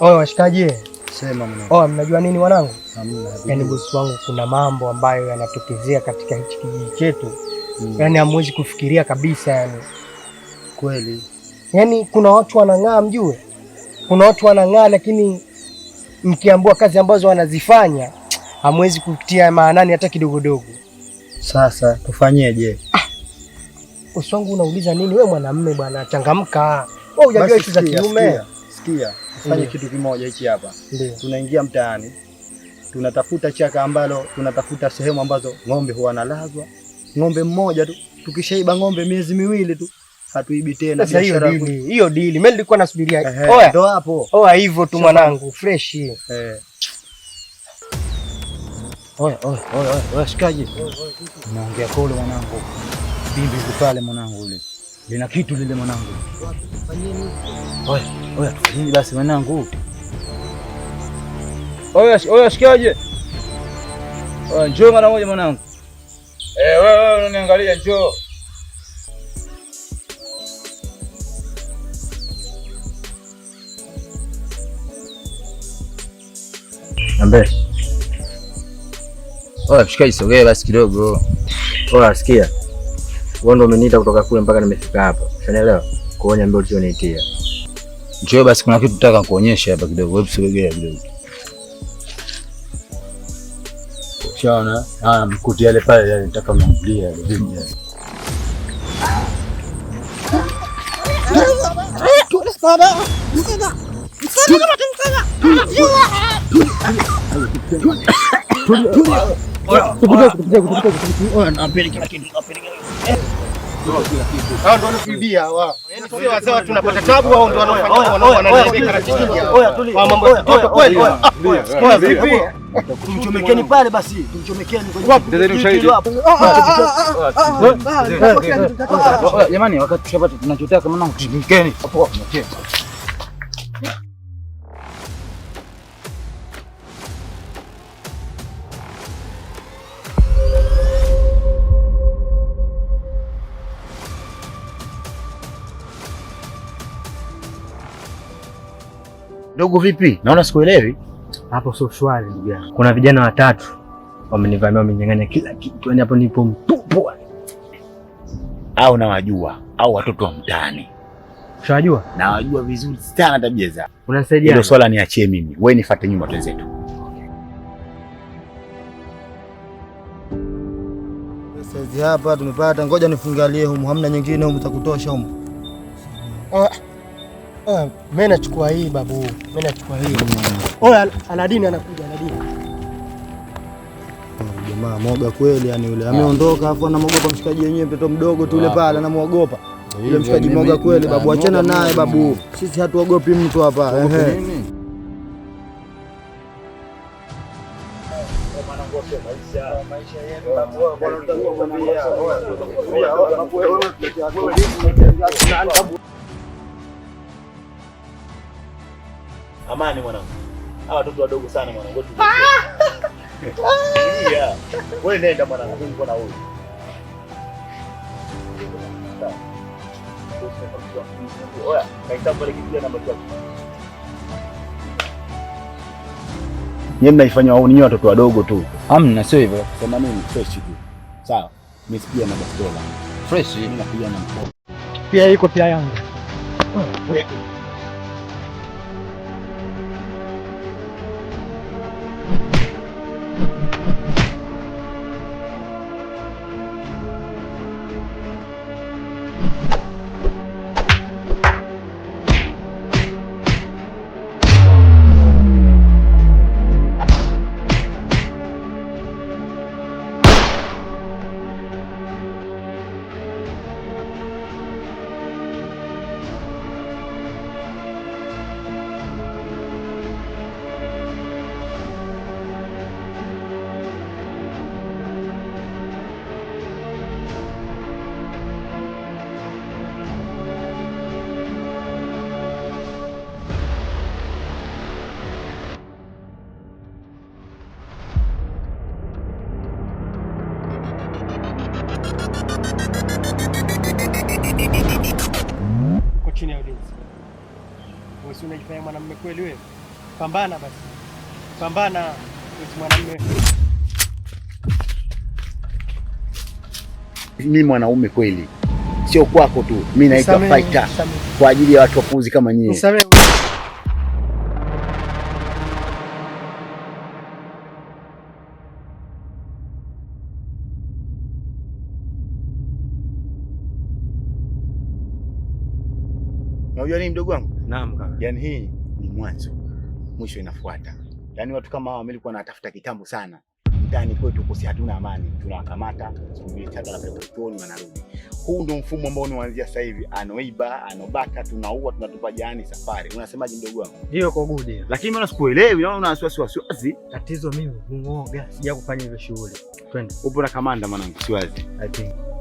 Oye washikaji, sema mwanangu. Oye, mnajua nini wanangu? Hamna. Yaani bosi wangu, kuna mambo ambayo yanatokezea katika hichi kijiji chetu mm. Yaani hamwezi kufikiria kabisa yani. Kweli. Yaani kuna watu wanang'aa, mjue, kuna watu wanang'aa, lakini mkiambua kazi ambazo wanazifanya hamwezi kutia maanani hata kidogodogo. Sasa tufanyeje? Ah, bosi wangu, unauliza nini we mwanamme bwana, changamka wewe, hujajua hizo za kiume. Sikia tufanye kitu kimoja hichi hapa. Tunaingia mtaani, tunatafuta chaka ambalo tunatafuta sehemu ambazo ng'ombe huwa nalazwa, ng'ombe mmoja tu. Tukishaiba ng'ombe miezi miwili tu hatuibi tena. biashara hiyo dili, hiyo dili mimi nilikuwa nasubiria. Oya, ndo hapo. Oya, hivyo tu mwanangu, fresh. Eh. Oya, oya, oya, oya, shikaji. Naongea kule mwanangu. Bimbi pale mwanangu yule lina kitu lile mwanangu. Oya, oya, tufanyeni basi mwanangu. Oya, oya, shikaje. Oya, njoo mara moja mwanangu. Eh, wewe unaniangalia, njoo. Ambe. Oya, mshikaji, sogea basi kidogo. Oya, sikia wewe ndio umeniita kutoka kule mpaka nimefika hapa. Unaelewa? Kuonya mbele ulichoniitia. Njoo basi kuna kitu nataka kuonyesha hapa kidogo. Wewe usilegea kidogo. Chana, ah, mkuti yale pale yale nataka kumwambia yale vipi yale. Msana tunapata tabu tumchomekeni pale basi, tumchomekeni jamani, wakati tunachotaka maana tumchomekeni Dogo vipi? Naona sikuelewi. Hapo sio shwari ndugu yangu. Kuna vijana watatu wamenivamia, wamenyang'anya kila kitu. Yaani hapo nipo mtupu. Au nawajua au watoto wa mtaani. Unawajua? Nawajua vizuri sana tabia zao. Unasaidia. Hilo swala niachie mimi. Wewe nifuate nyuma twenzetu. Sasa hapa tumepata, ngoja nifungalie humu, hamna nyingine humu, takutosha humu. Oh. Eh, mimi nachukua hii babu. Mimi nachukua hii. Oya, Aladini anakuja Aladini. Hmm, jamaa moga kweli yani yule. Ah. Ameondoka afu anamogopa mshikaji wenyewe mtoto mdogo tu yule ah. pale anamuogopa. Yule mshikaji moga kweli babu, achana naye babu. Sisi hatuogopi mtu hapa. Ehe. Maisha Amani mwanangu, hawa watoto wadogo sana mwanangu. Ah! Ah! Wewe nenda mwanangu, niko na huyu Nyie mnaifanya au ninyi watoto wadogo tu? Hamna, sio hivyo. Sema nini? Fresh tu. Sawa. Mimi sipia na bastola. Fresh, mimi napiga na mkono. Pia iko pia yangu. chini ya ulinzi. Wewe si unajifanya mwanamume kweli wewe? Pambana basi, pambana. Wewe mwanamume. Mimi mwanaume kweli, sio kwako tu. Mimi naitwa fighter kwa ajili ya watu wapuzi kama nyinyi. Unajua nini mdogo wangu? Naam kaka. Yaani hii ni mwanzo. Mwisho inafuata. Yaani watu kama hao wamelikuwa wanatafuta kitambo sana. ndani kwetu kosi hatuna amani. Tunawakamata, tunawataga na peponi wanarudi. Huu ndio mfumo ambao unaanzia sasa hivi. Anoiba, anobaka, tunaua, tunatupa jani safari. Unasemaje mdogo wangu? Hiyo kwa good. Lakini mbona sikuelewi? Naona una wasiwasi wasiwasi. Tatizo mimi nguoga. Sija kufanya hizo shughuli. Twende. Upo na kamanda mwanangu, siwazi. I think.